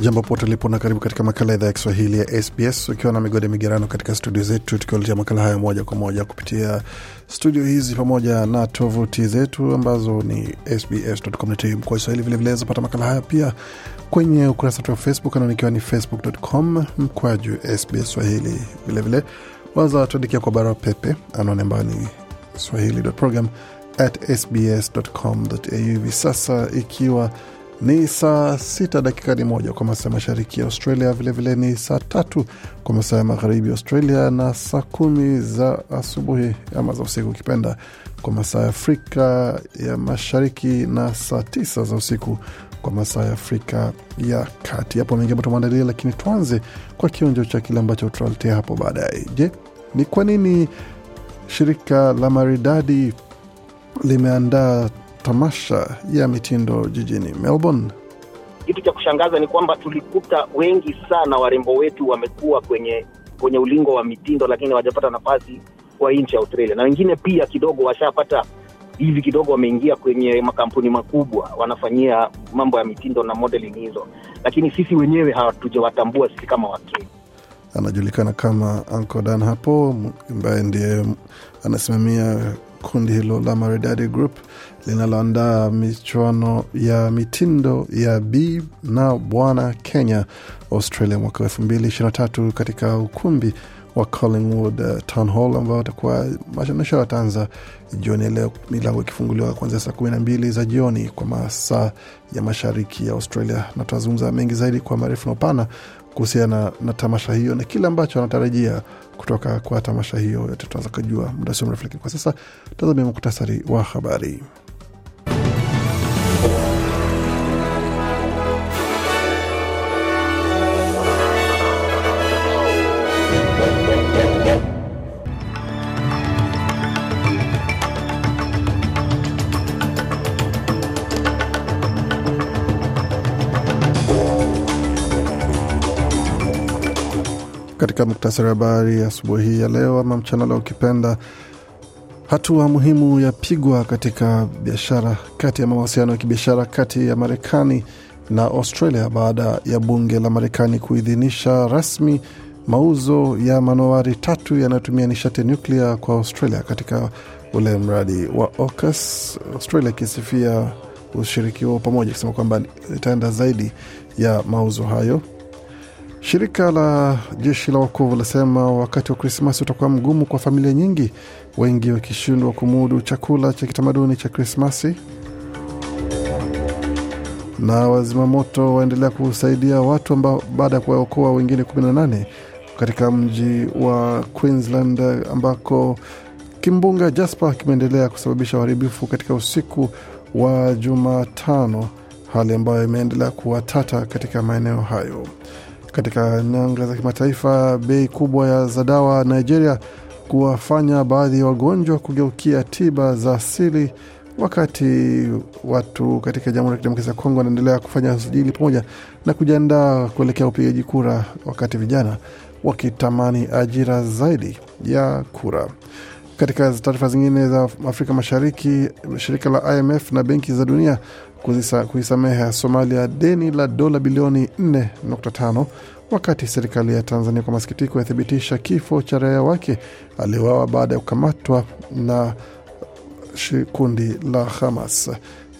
Jambo pote lipo na karibu katika makala idhaa ya Kiswahili ya SBS ukiwa na migode migerano katika studio zetu, tukiwaletea makala haya moja kwa moja kupitia studio hizi pamoja na tovuti zetu ambazo ni sbs.com.au kwa Kiswahili. Vilevile zapata makala haya pia kwenye ukurasa wetu wa Facebook anaonikiwa ni facebook.com mkwaju SBS Swahili. Vilevile waza tuandikia kwa barua pepe anaone ambayo ni swahili.program at sbs.com.au hivi sasa ikiwa ni saa sita ni moja kwa masaa mashariki ya Australia, vilevile vile ni saa tatu kwa masaa ya magharibi ya Australia, na saa kumi za asubuhi ama za usiku ukipenda kwa masaa ya Afrika ya Mashariki, na saa tisa za usiku kwa masaa ya Afrika ya Kati. Hapo mengi ambayo tumeandalia, lakini tuanze kwa kionjo cha kile ambacho tutaletea hapo baadaye. Je, ni kwa nini shirika la maridadi limeandaa tamasha ya mitindo jijini Melbourne. Kitu cha kushangaza ni kwamba tulikuta wengi sana warembo wetu wamekuwa kwenye kwenye ulingo wa mitindo, lakini hawajapata nafasi kwa nchi ya Australia, na wengine pia kidogo washapata hivi kidogo wameingia kwenye makampuni makubwa, wanafanyia mambo ya mitindo na modeling hizo, lakini sisi wenyewe hatujawatambua sisi kama Wakenya. Anajulikana kama Uncle Dan hapo, ambaye ndiye anasimamia kundi hilo la Maridadi Group linaloandaa michuano ya mitindo ya b na Bwana Kenya Australia mwaka elfu mbili ishirini na tatu katika ukumbi wa Collingwood uh, Town Hall ambao atakuwa mashanisho yataanza jioni leo, milango ikifunguliwa kuanzia saa kumi na mbili za jioni kwa masaa ya mashariki ya Australia, na tutazungumza mengi zaidi kwa marefu na upana kuhusiana na tamasha hiyo na kile ambacho anatarajia kutoka kwa tamasha hiyo yote tunaweza kujua muda sio mrefu, lakini kwa sasa tazamia muktasari wa habari. katika muktasari wa habari asubuhi hii ya leo ama mchana leo ukipenda. Hatua muhimu yapigwa katika biashara kati ya mawasiliano ya kibiashara kati ya Marekani na Australia baada ya bunge la Marekani kuidhinisha rasmi mauzo ya manowari tatu yanayotumia nishati nyuklia kwa Australia katika ule mradi wa AUKUS. Australia ikisifia ushiriki wao pamoja, ikisema kwamba itaenda zaidi ya mauzo hayo. Shirika la jeshi la wokovu lasema wakati wa Krismasi utakuwa mgumu kwa familia nyingi, wengi wakishindwa kumudu chakula cha kitamaduni cha Krismasi. Na wazimamoto waendelea kusaidia watu ambao baada ya kuwaokoa wengine 18 katika mji wa Queensland ambako kimbunga Jasper kimeendelea kusababisha uharibifu katika usiku wa Jumatano, hali ambayo imeendelea kuwatata katika maeneo hayo. Katika nyanga za kimataifa, bei kubwa ya za dawa Nigeria kuwafanya baadhi ya wagonjwa kugeukia tiba za asili, wakati watu katika Jamhuri ya Kidemokrasia ya Kongo wanaendelea kufanya sijili pamoja na kujiandaa kuelekea upigaji kura, wakati vijana wakitamani ajira zaidi ya kura. Katika taarifa zingine za Afrika Mashariki, shirika la IMF na benki za dunia kuisameha Somalia deni la dola bilioni 4.5 wakati serikali ya Tanzania kwa masikitiko yathibitisha kifo cha raia wake aliyowawa baada ya kukamatwa na kundi la Hamas.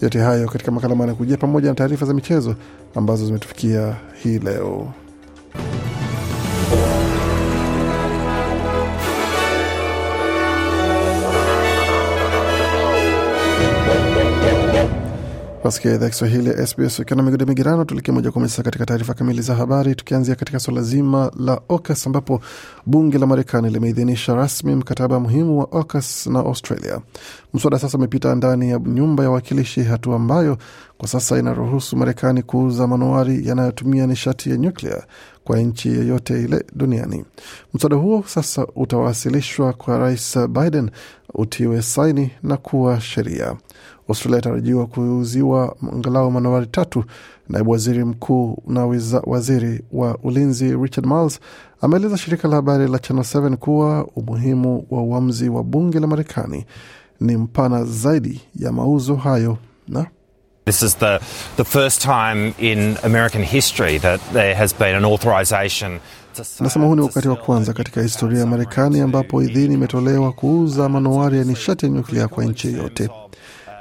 Yote hayo katika makala manakujia pamoja na taarifa za michezo ambazo zimetufikia hii leo. kusikia idhaa Kiswahili ya SBS ukiwa na migode migirano, tuelekee moja kwa moja katika taarifa kamili za habari, tukianzia katika suala zima la AUKUS ambapo bunge la Marekani limeidhinisha rasmi mkataba muhimu wa AUKUS na Australia. Mswada sasa umepita ndani ya nyumba ya wakilishi, hatua ambayo kwa sasa inaruhusu Marekani kuuza manowari yanayotumia nishati ya nyuklia kwa nchi yoyote ile duniani. Mswada huo sasa utawasilishwa kwa Rais Biden, utiwe saini na kuwa sheria. Australia inatarajiwa kuuziwa angalau manowari tatu. Naibu waziri mkuu na waziri wa ulinzi Richard Marles ameeleza shirika la habari la Channel 7 kuwa umuhimu wa uamuzi wa bunge la Marekani ni mpana zaidi ya mauzo hayo na This is the, the first time in American history that there has been an authorization huu ni wakati wa kwanza katika historia ya Marekani ambapo idhini imetolewa kuuza manowari ya nishati ya nyuklia kwa nchi yoyote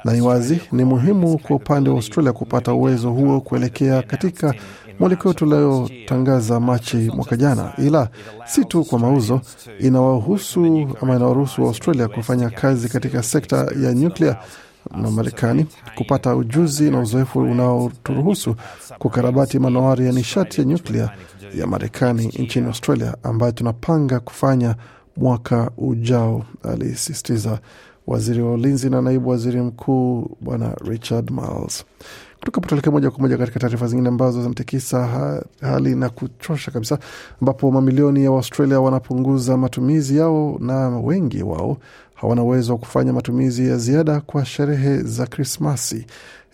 na ni wazi ni muhimu kwa upande wa Australia kupata uwezo huo kuelekea katika mwelekeo tunayotangaza Machi mwaka jana, ila si tu kwa mauzo, inawahusu ama inawaruhusu Australia kufanya kazi katika sekta ya nyuklia na Marekani kupata ujuzi na uzoefu unaoturuhusu kukarabati manowari ya nishati ya nyuklia ya Marekani nchini Australia, ambayo tunapanga kufanya mwaka ujao, alisisitiza waziri wa ulinzi na naibu waziri mkuu Bwana Richard Marles. Kutoka potoleke moja kwa moja katika taarifa zingine ambazo zinatikisa ha, hali na kuchosha kabisa, ambapo mamilioni ya Waustralia wanapunguza matumizi yao na wengi wao hawana uwezo wa kufanya matumizi ya ziada kwa sherehe za Krismasi.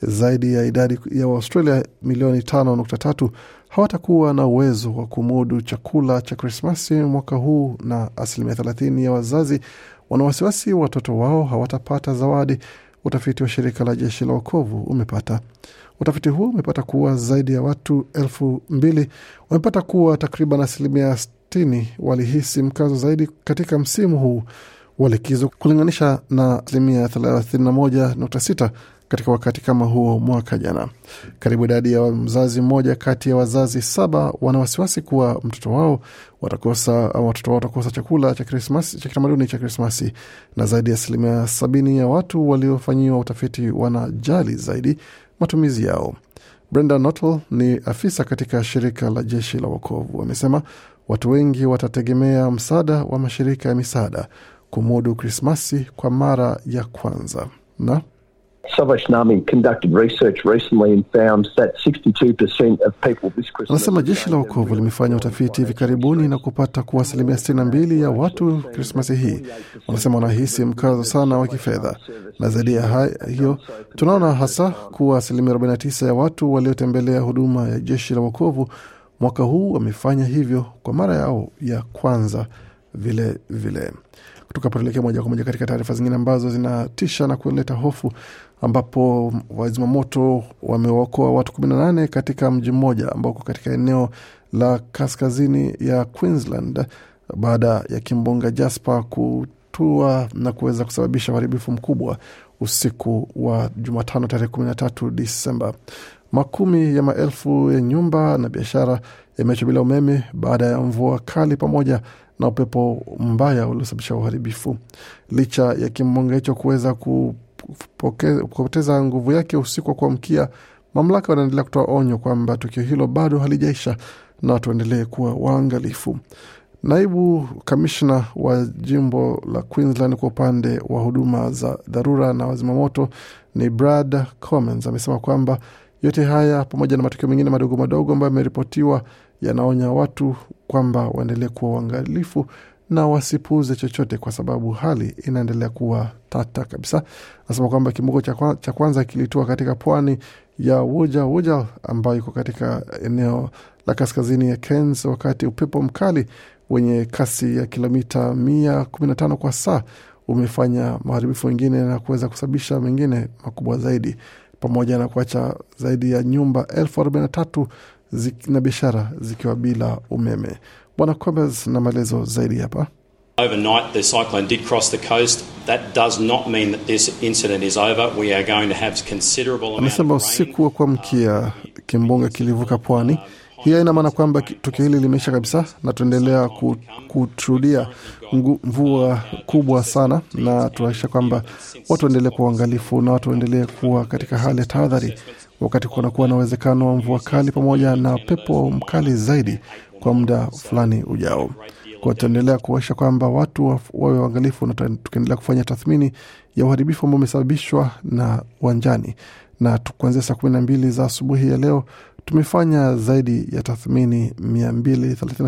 Zaidi ya idadi ya Waustralia milioni tano nukta tatu hawatakuwa na uwezo wa kumudu chakula cha Krismasi mwaka huu, na asilimia thelathini ya wazazi wana wasiwasi watoto wao hawatapata zawadi. Utafiti wa shirika la jeshi la wokovu umepata utafiti huo umepata kuwa zaidi ya watu elfu mbili wamepata kuwa takriban asilimia sitini walihisi mkazo zaidi katika msimu huu wa likizo kulinganisha na asilimia thelathini na moja nukta sita katika wakati kama huo mwaka jana. Karibu idadi ya mzazi mmoja kati ya wazazi saba wana wasiwasi kuwa mtoto wao watakosa au watoto wao watakosa chakula cha Krismasi cha kitamaduni cha Krismasi, na zaidi ya asilimia sabini ya watu waliofanyiwa utafiti wanajali zaidi matumizi yao. Brenda Nuttall ni afisa katika shirika la jeshi la wokovu, amesema watu wengi watategemea msaada wa mashirika ya misaada kumudu Krismasi kwa mara ya kwanza na Anasema jeshi la wokovu limefanya utafiti hivi karibuni na kupata kuwa asilimia 62 ya watu Krismasi hii wanasema wanahisi mkazo sana wa kifedha, na zaidi ya hiyo tunaona hasa kuwa asilimia 49 ya watu waliotembelea huduma ya jeshi la wokovu mwaka huu wamefanya hivyo kwa mara yao ya kwanza vilevile vile. Kutoka tuelekea moja kwa moja katika taarifa zingine ambazo zinatisha na kuleta hofu ambapo wazimamoto wamewaokoa watu 18 katika mji mmoja ambao uko katika eneo la kaskazini ya Queensland baada ya kimbunga Jasper kutua na kuweza kusababisha uharibifu mkubwa usiku wa Jumatano tarehe 13 Disemba. Makumi ya maelfu ya nyumba na biashara yameachwa bila umeme baada ya mvua kali pamoja na upepo mbaya uliosababisha uharibifu. Licha ya kimbunga hicho kuweza ku kupoteza nguvu yake usiku wa kuamkia. Mamlaka wanaendelea kutoa onyo kwamba tukio hilo bado halijaisha na waendelee kuwa waangalifu. Naibu kamishna wa jimbo la Queensland kwa upande wa huduma za dharura na wazimamoto ni Brad Commons amesema kwamba yote haya pamoja na matukio mengine madogo madogo ambayo yameripotiwa yanaonya watu kwamba waendelee kuwa uangalifu na wasipuuze chochote, kwa sababu hali inaendelea kuwa tata kabisa. Anasema kwamba kimbuko cha kwanza kilitua katika pwani ya Wuja Wuja, ambayo iko katika eneo la kaskazini ya Cairns, wakati upepo mkali wenye kasi ya kilomita 115 kwa saa umefanya maharibifu mengine na kuweza kusababisha mengine makubwa zaidi, pamoja na kuacha zaidi ya nyumba elfu arobaini na tatu na biashara zikiwa bila umeme. Bwana Combes na maelezo zaidi hapa. Overnight the cyclone did cross the coast. That does not mean that this incident is over. We are going to have considerable amount. Amesema usiku wa kuamkia kimbunga kilivuka pwani. Hiyo ina maana kwamba tukio hili limeisha kabisa na tuendelea kushuhudia mvua kubwa sana, na tunahakikisha kwamba watu waendelee kwa uangalifu na watu waendelee kuwa katika hali ya tahadhari wakati kunakuwa na uwezekano wa mvua kali pamoja na pepo mkali zaidi kwa muda fulani ujao. Kwa tutaendelea kuonyesha kwamba watu wawe waangalifu, na tukiendelea kufanya tathmini ya uharibifu ambao umesababishwa na uwanjani. Na kuanzia saa kumi na mbili za asubuhi ya leo tumefanya zaidi ya tathmini mia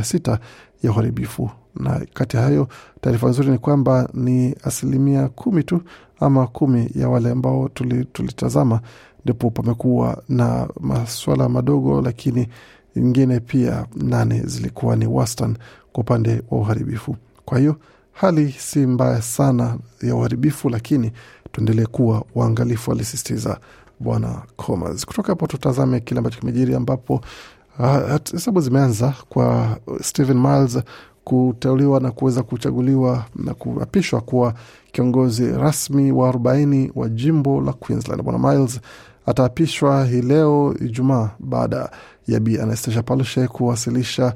sita ya uharibifu, na kati ya hayo taarifa nzuri ni kwamba ni asilimia kumi tu ama kumi ya wale ambao tulitazama tuli ndipo pamekuwa na maswala madogo lakini nyingine pia nane zilikuwa ni wastan kwa upande wa uharibifu. Kwa hiyo hali si mbaya sana ya uharibifu, lakini tuendelee kuwa waangalifu, alisistiza Bwana Comas. Kutoka hapo tutazame kile ambacho kimejiri, ambapo ah, hesabu uh, zimeanza kwa Stephen Miles kuteuliwa na kuweza kuchaguliwa na kuapishwa kuwa kiongozi rasmi wa 40 wa jimbo la Queensland. Bwana Miles ataapishwa hii leo Ijumaa baada ya Bi Anastasia Palaszczuk kuwasilisha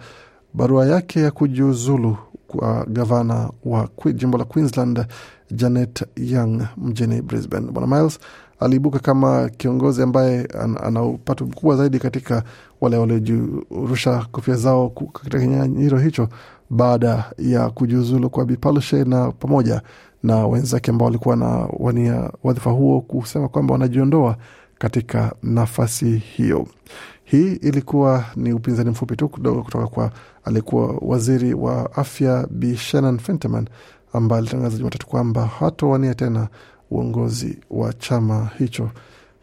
barua yake ya kujiuzulu kwa gavana wa jimbo la Queensland Janet Young mjini Brisbane. Bwana Miles aliibuka kama kiongozi ambaye an, ana upato mkubwa zaidi katika wale waliojirusha kofia zao katika kinyang'anyiro hicho baada ya kujiuzulu kwa Bi Palaszczuk na pamoja na wenzake ambao walikuwa na wania wadhifa huo kusema kwamba wanajiondoa katika nafasi hiyo. Hii ilikuwa ni upinzani mfupi tu kidogo kutoka kwa aliyekuwa waziri wa afya Bi Shannon Fentiman ambaye alitangaza Jumatatu kwamba hatowania tena uongozi wa chama hicho.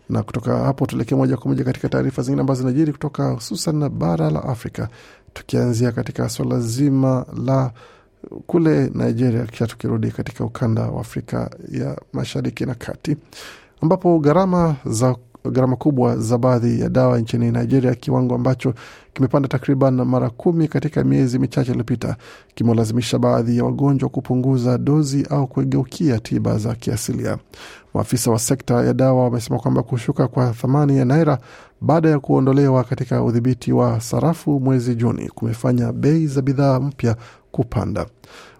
Na kutoka hapo tuelekee moja kwa moja katika taarifa zingine ambazo zinajiri kutoka hususan na bara la Afrika, tukianzia katika swala zima la kule Nigeria, kisha tukirudi katika ukanda wa Afrika ya mashariki na kati ambapo gharama za gharama kubwa za baadhi ya dawa nchini Nigeria, kiwango ambacho kimepanda takriban mara kumi katika miezi michache iliyopita, kimewalazimisha baadhi ya wagonjwa kupunguza dozi au kugeukia tiba za kiasilia. Maafisa wa sekta ya dawa wamesema kwamba kushuka kwa thamani ya naira baada ya kuondolewa katika udhibiti wa sarafu mwezi Juni kumefanya bei za bidhaa mpya kupanda.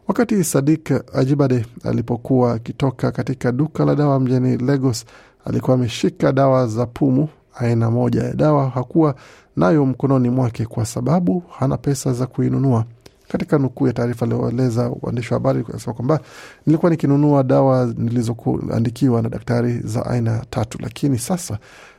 Wakati Sadik Ajibade alipokuwa akitoka katika duka la dawa mjini Lagos alikuwa ameshika dawa za pumu. Aina moja ya dawa hakuwa nayo mkononi mwake kwa sababu hana pesa za kuinunua. Katika nukuu ya taarifa alioeleza uandishi wa habari anasema kwamba nilikuwa nikinunua dawa nilizoandikiwa na daktari za aina tatu, lakini sasa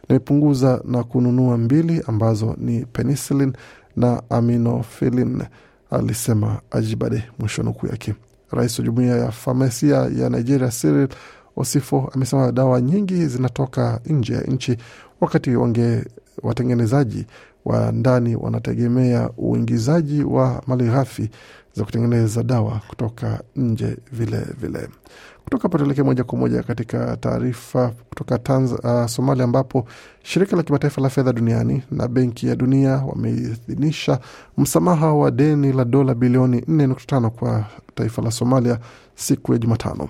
nimepunguza na kununua mbili ambazo ni penicillin na aminofilin, alisema Ajibade, mwisho nukuu yake. Rais wa jumuia ya famasia ya Nigeria Cyril Wasifu amesema dawa nyingi zinatoka nje ya nchi, wakati wange watengenezaji wa ndani wanategemea uingizaji wa malighafi za kutengeneza dawa kutoka nje vilevile kutoka Kutoka patelekea moja kwa moja katika taarifa kutoka Tanz uh, Somalia ambapo shirika la kimataifa la fedha duniani na Benki ya Dunia wameidhinisha msamaha wa deni la dola bilioni 4.5 kwa taifa la Somalia siku ya Jumatano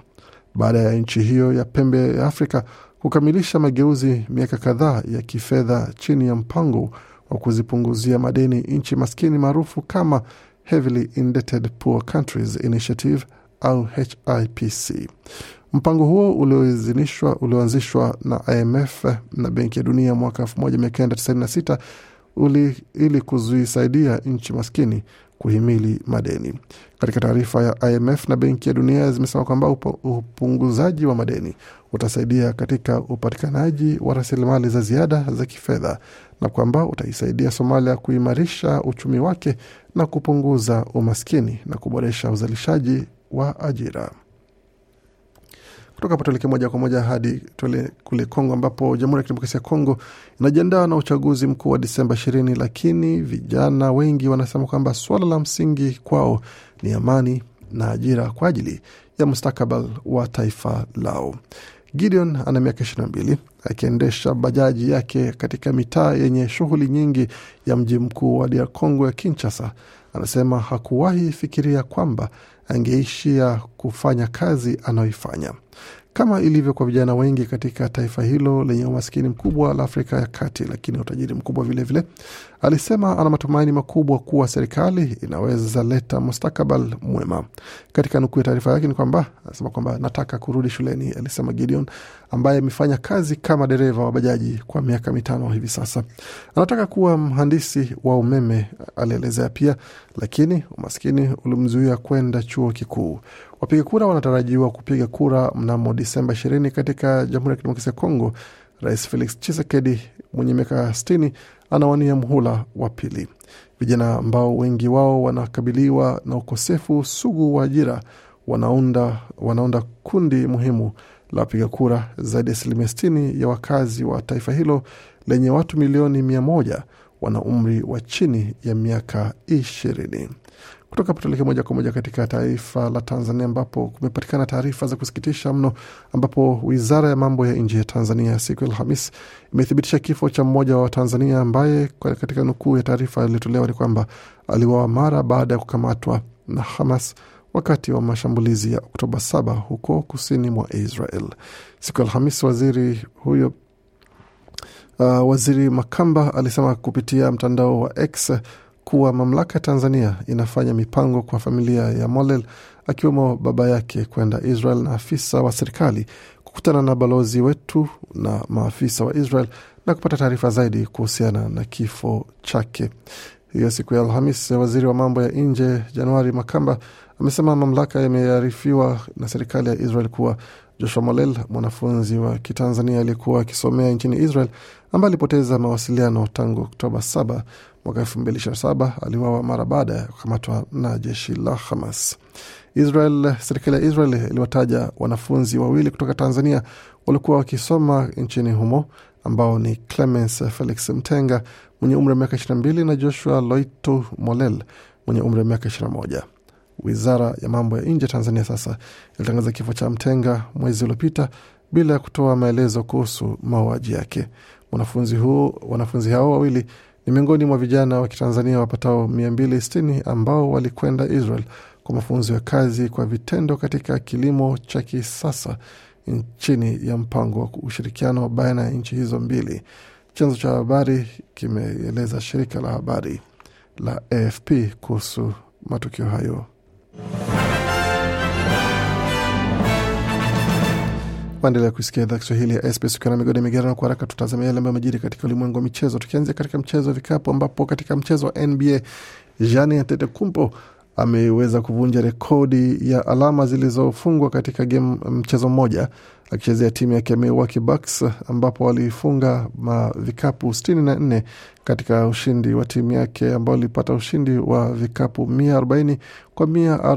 baada ya nchi hiyo ya pembe ya Afrika kukamilisha mageuzi miaka kadhaa ya kifedha chini ya mpango wa kuzipunguzia madeni nchi maskini maarufu kama Heavily Indebted Poor Countries Initiative au HIPC. Mpango huo ulioanzishwa ulioanzishwa na IMF na Benki ya Dunia mwaka 1996 ili kuzuisaidia nchi maskini kuhimili madeni. Katika taarifa ya IMF na Benki ya Dunia zimesema kwamba upunguzaji wa madeni utasaidia katika upatikanaji wa rasilimali za ziada za kifedha na kwamba utaisaidia Somalia kuimarisha uchumi wake na kupunguza umaskini na kuboresha uzalishaji wa ajira. Kutoka hapo tuelekee moja kwa moja hadi tuele kule Kongo, ambapo Jamhuri ya Kidemokrasia ya Kongo inajiandaa na uchaguzi mkuu wa Disemba ishirini, lakini vijana wengi wanasema kwamba suala la msingi kwao ni amani na ajira kwa ajili ya mustakabali wa taifa lao. Gideon ana miaka mbili akiendesha bajaji yake katika mitaa yenye shughuli nyingi ya mji mkuu wa DR Congo ya Kinshasa. Anasema hakuwahi fikiria kwamba angeishia kufanya kazi anayoifanya kama ilivyo kwa vijana wengi katika taifa hilo lenye umaskini mkubwa la Afrika ya Kati, lakini utajiri mkubwa vilevile vile. Alisema ana matumaini makubwa kuwa serikali inaweza leta mustakabal mwema. Katika nukuu ya taarifa yake ni kwamba anasema kwamba nataka kurudi shuleni, alisema Gideon ambaye amefanya kazi kama dereva wa bajaji kwa miaka mitano hivi sasa. Anataka kuwa mhandisi wa umeme, alielezea pia, lakini umaskini ulimzuia kwenda chuo kikuu. Wapiga kura wanatarajiwa kupiga kura mnamo Disemba ishirini katika Jamhuri ya Kidemokrasia ya Kongo. Rais Felix Tshisekedi mwenye miaka sitini anawania mhula wa pili. Vijana ambao wengi wao wanakabiliwa na ukosefu sugu wa ajira wanaunda, wanaunda kundi muhimu la wapiga kura, zaidi ya asilimia sitini ya wakazi wa taifa hilo lenye watu milioni mia moja wana umri wa chini ya miaka ishirini. Kutoka patuleke moja kwa moja katika taifa la Tanzania, ambapo kumepatikana taarifa za kusikitisha mno, ambapo wizara ya mambo ya nje ya Tanzania siku ya Alhamis imethibitisha kifo cha mmoja wa Tanzania ambaye katika nukuu ya taarifa iliyotolewa ni kwamba aliuawa mara baada ya kukamatwa na Hamas wakati wa mashambulizi ya Oktoba 7 huko kusini mwa Israel. Siku ya Alhamisi, waziri huyo uh, waziri Makamba alisema kupitia mtandao wa X kuwa mamlaka ya Tanzania inafanya mipango kwa familia ya Molel akiwemo baba yake kwenda Israel na afisa wa serikali kukutana na balozi wetu na maafisa wa Israel na kupata taarifa zaidi kuhusiana na kifo chake. Hiyo siku ya Alhamis, waziri wa mambo ya nje Januari Makamba amesema mamlaka yamearifiwa na serikali ya Israel kuwa Joshua Molel, mwanafunzi wa Kitanzania aliyekuwa akisomea nchini Israel, ambaye alipoteza mawasiliano tangu Oktoba 7 mwaka 2027, aliwawa mara baada ya kukamatwa na jeshi la Hamas. Israel, serikali ya Israel iliwataja wanafunzi wawili kutoka Tanzania waliokuwa wakisoma nchini humo ambao ni Clemens Felix Mtenga mwenye umri wa miaka 22 na Joshua Loito Molel mwenye umri wa miaka 21. Wizara ya mambo ya nje Tanzania sasa ilitangaza kifo cha Mtenga mwezi uliopita bila ya kutoa maelezo kuhusu mauaji yake. Wanafunzi huu, wanafunzi hao wawili ni miongoni mwa vijana wa Kitanzania wapatao 260 ambao walikwenda Israel kwa mafunzo ya kazi kwa vitendo katika kilimo cha kisasa chini ya mpango wa ushirikiano baina ya nchi hizo mbili. Chanzo cha habari kimeeleza shirika la habari la AFP kuhusu matukio hayo. Waendelea kusikia idhaa Kiswahili ya SBS ukiwa na migodi migerano. Kwa haraka tutazamia yale ambayo amejiri katika ulimwengu wa michezo, tukianzia katika mchezo wa vikapu, ambapo katika mchezo wa NBA tete kumpo ameweza kuvunja rekodi ya alama zilizofungwa katika game mchezo mmoja akichezea timu yake ya Milwaukee Bucks ambapo alifunga vikapu 64 katika ushindi wa timu yake ambao ilipata ushindi wa vikapu 40 kwa mia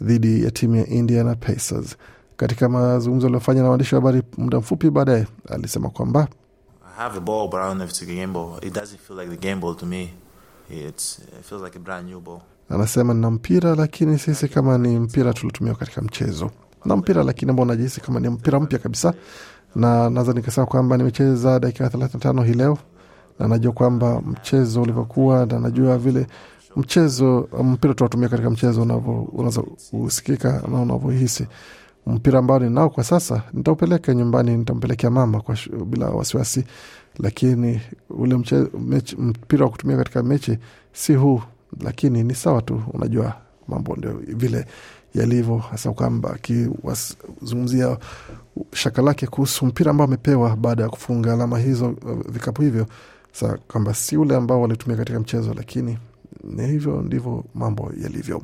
dhidi ya timu ya Indiana Pacers. Katika mazungumzo aliyofanya na waandishi wa habari muda mfupi baadaye, alisema kwamba anasema nina mpira, lakini sisi kama ni mpira tuliotumiwa katika mchezo na mpira lakini ambao najihisi kama ni mpira mpya kabisa, na naweza nikasema kwamba nimecheza dakika thelathini na tano hii leo, na najua kwamba mchezo ulivyokuwa, na najua vile mchezo mpira tunatumia katika mchezo unaweza usikika na unavyohisi mpira ambao ninao kwa sasa nitaupeleka nyumbani, nitampelekea mama kwa shu, bila wasiwasi, lakini ule mechi, mpira wa kutumia katika mechi si huu, lakini ni sawa tu, unajua mambo ndio vile yalivyo, hasa kwamba akizungumzia shaka lake kuhusu mpira ambao amepewa baada ya kufunga alama hizo uh, vikapu hivyo, sa kwamba si ule ambao walitumia katika mchezo, lakini ni hivyo ndivyo mambo yalivyo.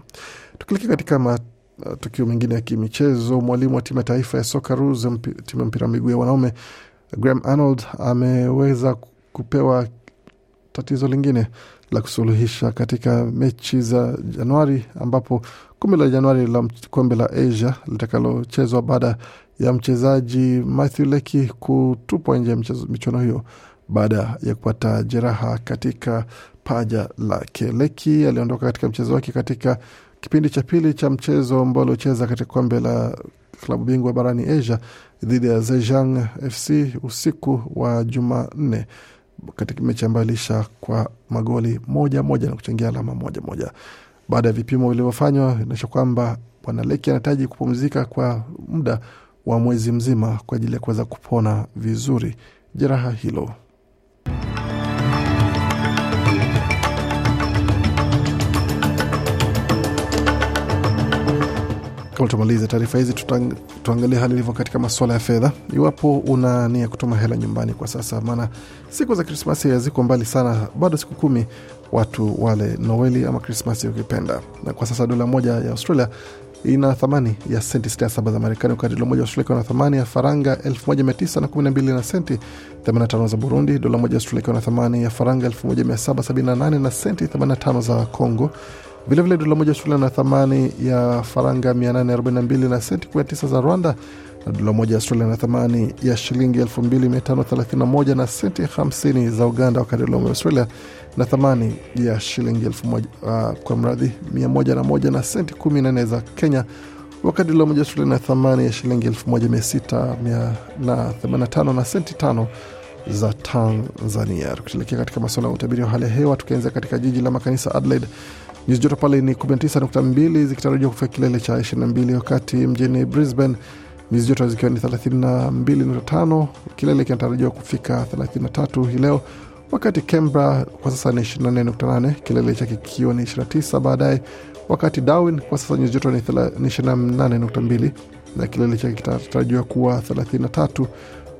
Tukilekea katika matukio uh, mengine ya kimichezo, mwalimu wa timu ya taifa ya soka Rus, timu ya mpira wa miguu ya wanaume, Graham Arnold ameweza kupewa tatizo lingine la kusuluhisha katika mechi za Januari ambapo kombe la Januari la kombe la Asia litakalochezwa baada ya mchezaji Matthew Leki kutupwa nje ya michuano hiyo baada ya kupata jeraha katika paja lake. Leki aliondoka katika mchezo wake katika kipindi cha pili cha mchezo ambao aliocheza katika kombe la klabu bingwa barani Asia dhidi ya Zhejiang FC usiku wa Jumanne katika mechi ambayo iliisha kwa magoli moja moja na kuchangia alama moja moja. Baada ya vipimo vilivyofanywa, inaonyesha kwamba bwana Leki anahitaji kupumzika kwa muda wa mwezi mzima kwa ajili ya kuweza kupona vizuri jeraha hilo. Kabla tumalize taarifa hizi, tuangalie hali ilivyo katika masuala ya fedha, iwapo una nia kutuma hela nyumbani kwa sasa, maana siku za Krismasi haziko mbali sana, bado siku kumi watu wale Noeli ama Krismasi ukipenda. Na kwa sasa dola moja ya Australia ina thamani ya senti 67 za Marekani, wakati dola moja Australia ikiwa na thamani ya faranga 1912 na senti 85 za Burundi, dola moja ya ikiwa na thamani ya faranga 1778 na senti 85 za Congo. Vilevile dola moja Australia na thamani ya faranga 842 na senti 19 za Rwanda na dola moja Australia na thamani ya shilingi 2531 na senti 50 za Uganda, wakati dola moja Australia na thamani ya shilingi elfu moja, uh, kwa mradhi mia moja na moja na senti kumi na nne za Kenya, wakati dola moja shule na thamani ya shilingi elfu moja mia sita mia na themanini na tano na senti tano za Tanzania. Tukielekea katika masuala ya utabiri wa hali ya hewa, tukianzia katika jiji la makanisa Adelaide, nyuzi joto pale ni 19.2 zikitarajiwa kufika kilele cha 22, wakati mjini Brisbane nyuzi joto zikiwa ni 32.5, kilele kinatarajiwa kufika 33 hii leo wakati Canberra kwa sasa ni 24.8, kilele chake kikiwa ni 29 baadaye, wakati Darwin kwa sasa nyuzi joto ni 28.2 na kilele chake kitatarajiwa kuwa 33.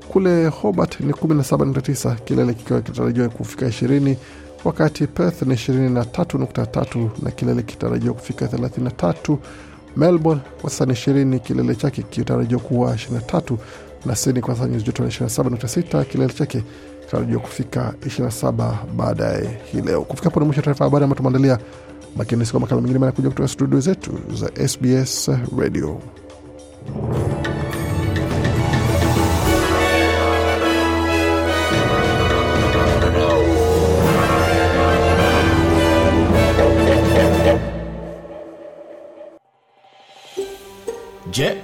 Kule Hobart ni 17.9, kilele kikiwa kitarajiwa kufika 20, wakati Perth ni 23.3 na kilele kitarajiwa kufika 33. Melbourne kwa sasa ni 20, kilele chake kitarajiwa kuwa 23 la Sydney kwa sasa nyuzi joto ni 27.6, kilele chake kinatarajiwa kufika 27 baadaye hii leo. Kufika hapo ni mwisho wa taarifa habari ambayo tumeandalia. Makinisi kwa makala mengine manakuja kutoka studio zetu za SBS Radio. Je,